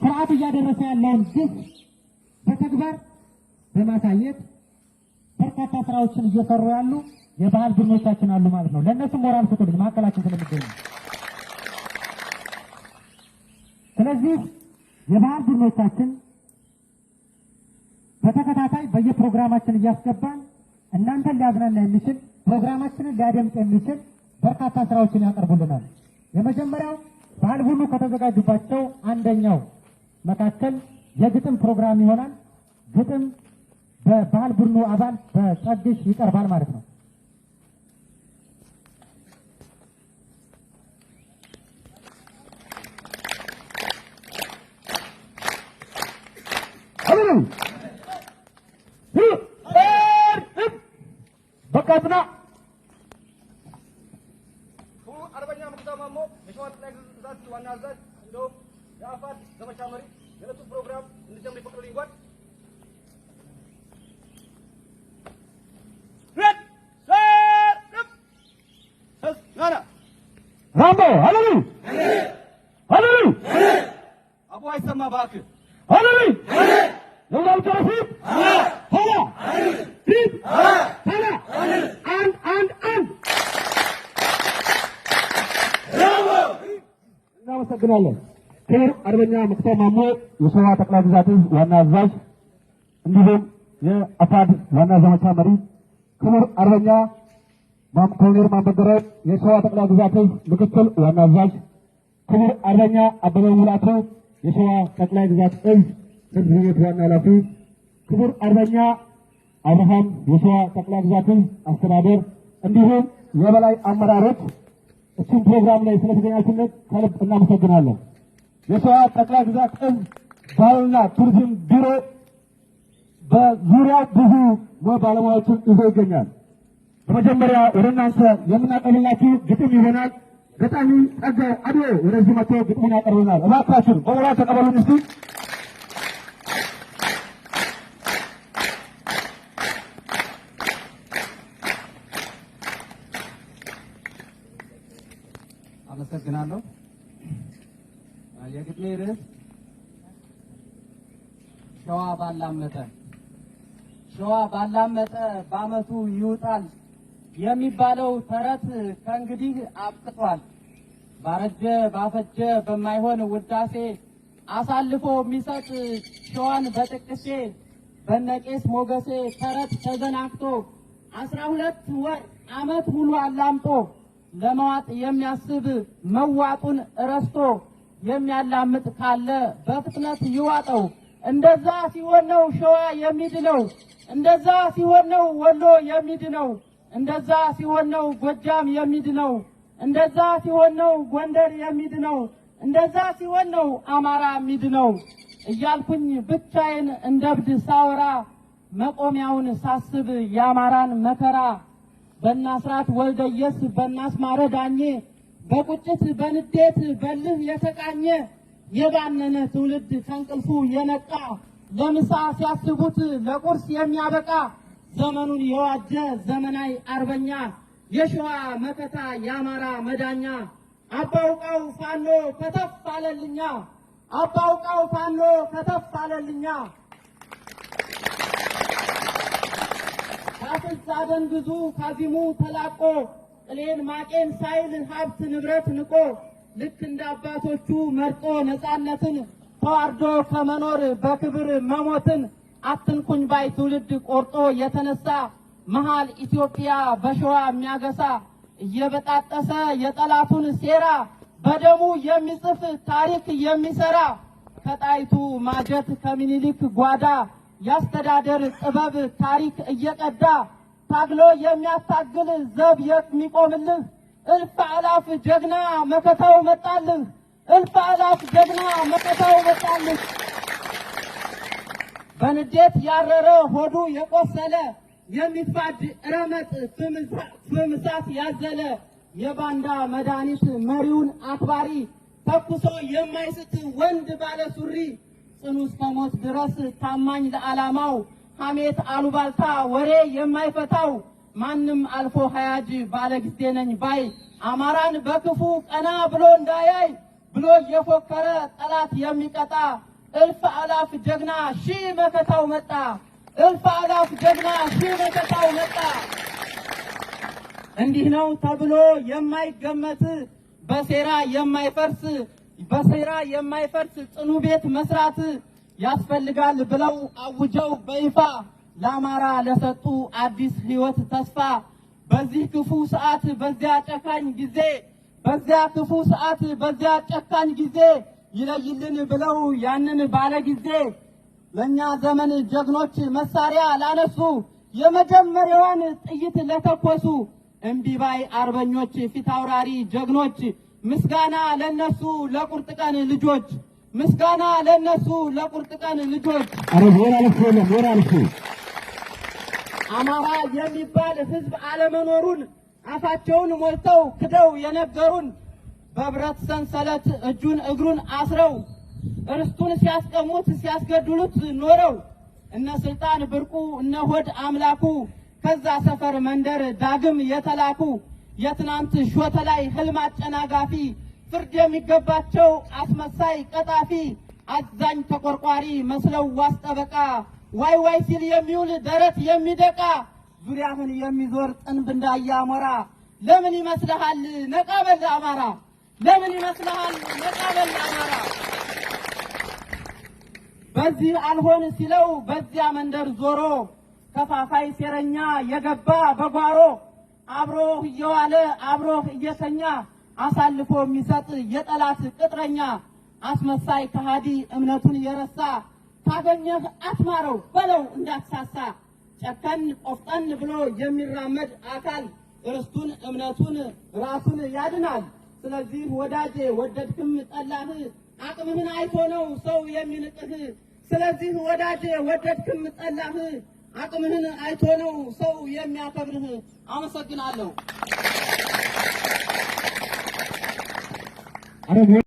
ስርዓቱ እያደረሰ ያለውን ግፍ በተግባር በማሳየት በርካታ ስራዎችን እየሰሩ ያሉ የባህል ቡድኖቻችን አሉ ማለት ነው። ለእነሱ ሞራል ስጡልኝ ማዕከላችን ስለሚገኙ። ስለዚህ የባህል ቡድኖቻችን በተከታታይ በየፕሮግራማችን እያስገባን እናንተን ሊያዝናና የሚችል ፕሮግራማችንን ሊያደምጥ የሚችል በርካታ ስራዎችን ያቀርቡልናል። የመጀመሪያው ባህል ቡድኑ ከተዘጋጁባቸው አንደኛው መካከል የግጥም ፕሮግራም ይሆናል። ግጥም በባህል ቡድኑ አባል በጸግሽ ይቀርባል ማለት ነው። በቃትና አርበኛ ማሞ የሸዋ ጠቅላይ ግዛት ዋና አዛዥ እንዲሁም የአፋድ ዘመቻ መሪ Yan program, hindi yang may pakalingwat. Red! Set! Rambo! Halalu! Halalu! Abu Aysam Mabakir. Halalu! Yoldan Tarafif! Hala! Rip! Hala! And, and, and! Rambo! እናመሰግናለን። ክቡር አርበኛ ሙክታር ማሞ የሸዋ ጠቅላይ ግዛት ዋና አዛዥ እንዲሁም የአፋድ ዋና ዘመቻ መሪ ክቡር አርበኛ ኮሎኔል ማንበገረ የሸዋ ጠቅላይ ግዛት ምክትል ዋና አዛዥ ክቡር አርበኛ አበበ ሙላቱ የሸዋ ጠቅላይ ግዛት እዝ ህዝብ ቤት ዋና ኃላፊ ክቡር አርበኛ አብርሃም የሸዋ ጠቅላይ ግዛት አስተዳደር እንዲሁም የበላይ አመራሮች እሱም ፕሮግራም ላይ ስለተገኛችነት ከልብ እናመሰግናለን። የሸዋ ጠቅላይ ግዛት እዝ ባህልና ቱሪዝም ቢሮ በዙሪያ ብዙ ባለሙያዎችን ይዞ ይገኛል። በመጀመሪያ ወደ እናንተ የምናቀርብላችሁ ግጥም ይሆናል። ገጣሚ ጸጋው አድ ወደዚህ መጥቶ ግጥሙን ያቀርብናል። እባካችን በሞራ ተቀበሉን እስቲ የግጥሜ ርዕስ ሸዋ ባላመጠ። ሸዋ ባላመጠ በአመቱ ይውጣል የሚባለው ተረት ከእንግዲህ አብቅቷል። ባረጀ ባፈጀ በማይሆን ውዳሴ አሳልፎ የሚሰጥ ሸዋን በጥቅሼ በነቄስ ሞገሴ ተረት ተዘናግቶ አስራ ሁለት ወር ዓመት ሙሉ አላምጦ ለመዋጥ የሚያስብ መዋጡን እረስቶ የሚያላምጥ ካለ በፍጥነት ይዋጠው። እንደዛ ሲሆን ነው ሸዋ የሚድነው። እንደዛ ሲሆን ነው ወሎ የሚድነው። እንደዛ ሲሆን ነው ጎጃም የሚድነው። እንደዛ ሲሆን ነው ጎንደር የሚድነው። እንደዛ ሲሆን ነው አማራ የሚድነው እያልኩኝ ብቻዬን እንደብድ ሳወራ መቆሚያውን ሳስብ የአማራን መከራ በእናስራት ወልደየስ በእናስማረ ዳኜ በቁጭት በንዴት በልህ የተቃኘ የባነነ ትውልድ ከእንቅልፉ የነቃ ለምሳ ሲያስቡት ለቁርስ የሚያበቃ ዘመኑን የዋጀ ዘመናዊ አርበኛ የሸዋ መከታ የአማራ መዳኛ አባውቃው ፋኖ ከተፍ አለልኛ አባውቃው ፋኖ ከተፍ አለልኛ ካፍዝ አደንግዙ ካዚሙ ተላቆ ጥሌን ማቄን ሳይል ሀብት ንብረት ንቆ ልክ እንደ አባቶቹ መርጦ ነፃነትን ተዋርዶ ከመኖር በክብር መሞትን አትንኩኝ ባይ ትውልድ ቆርጦ የተነሳ መሀል ኢትዮጵያ በሸዋ የሚያገሳ እየበጣጠሰ የጠላቱን ሴራ በደሙ የሚጽፍ ታሪክ የሚሰራ ከጣይቱ ማጀት ከሚኒሊክ ጓዳ ያስተዳደር ጥበብ ታሪክ እየቀዳ ታግሎ የሚያታግል ዘብ የሚቆምልህ እልፍ አላፍ ጀግና መከታው መጣልህ። እልፍ አላፍ ጀግና መከታው መጣልህ። በንዴት ያረረ ሆዱ የቆሰለ የሚፋድ ረመጥ ፍምሳት ያዘለ የባንዳ መድኃኒት መሪውን አክባሪ ተኩሶ የማይስት ወንድ ባለ ሱሪ ጽኑ እስከ ሞት ድረስ ታማኝ ለዓላማው ሐሜት፣ አሉባልታ፣ ወሬ የማይፈታው ማንም አልፎ ሀያጅ ባለጊዜ ነኝ ባይ አማራን በክፉ ቀና ብሎ እንዳያይ ብሎ የፎከረ ጠላት የሚቀጣ እልፍ አላፍ ጀግና ሺህ መከታው መጣ። እልፍ አላፍ ጀግና ሺህ መከታው መጣ። እንዲህ ነው ተብሎ የማይገመት በሴራ የማይፈርስ በሴራ የማይፈርስ ጽኑ ቤት መስራት ያስፈልጋል ብለው አውጀው በይፋ ለአማራ ለሰጡ አዲስ ህይወት ተስፋ በዚህ ክፉ ሰዓት በዚያ ጨካኝ ጊዜ በዚያ ክፉ ሰዓት በዚያ ጨካኝ ጊዜ ይለይልን ብለው ያንን ባለ ጊዜ ለእኛ ዘመን ጀግኖች መሳሪያ ላነሱ የመጀመሪያዋን ጥይት ለተኮሱ እምቢባይ አርበኞች ፊት አውራሪ ጀግኖች ምስጋና ለነሱ ለቁርጥ ቀን ልጆች ምስጋና ለነሱ! ለቁርጥ ቀን ልጆች። አረ ወር ልኩ ነው ወር ልኩ አማራ የሚባል ህዝብ አለመኖሩን አፋቸውን ሞልተው ክደው የነገሩን በብረት ሰንሰለት እጁን እግሩን አስረው እርስቱን ሲያስቀሙት ሲያስገድሉት ኖረው እነ ስልጣን ብርቁ እነ ሆድ አምላኩ ከዛ ሰፈር መንደር ዳግም የተላኩ የትናንት ሾተ ላይ ህልም አጨናጋፊ ፍርድ የሚገባቸው አስመሳይ፣ ቀጣፊ፣ አዛኝ፣ ተቆርቋሪ መስለው ዋስ ጠበቃ ዋይ ዋይ ሲል የሚውል ደረት የሚደቃ ዙሪያህን የሚዞር ጥንብ እንዳያሞራ አሞራ ለምን ይመስልሃል ነቃበል አማራ ለምን ይመስልሃል ነቃበል አማራ በዚህ አልሆን ሲለው በዚያ መንደር ዞሮ ከፋፋይ ሴረኛ የገባ በጓሮ አብሮህ እየዋለ አብሮህ እየተኛ አሳልፎ የሚሰጥ የጠላት ቅጥረኛ አስመሳይ ከሃዲ እምነቱን የረሳ ካገኘህ አትማረው በለው እንዳትሳሳ ጨከን ቆፍጠን ብሎ የሚራመድ አካል ርስቱን እምነቱን ራሱን ያድናል። ስለዚህ ወዳጄ ወደድክም ጠላህ አቅምህን አይቶ ነው ሰው የሚንቅህ። ስለዚህ ወዳጄ ወደድክም ጠላህ አቅምህን አይቶ ነው ሰው የሚያከብርህ። አመሰግናለሁ። আমি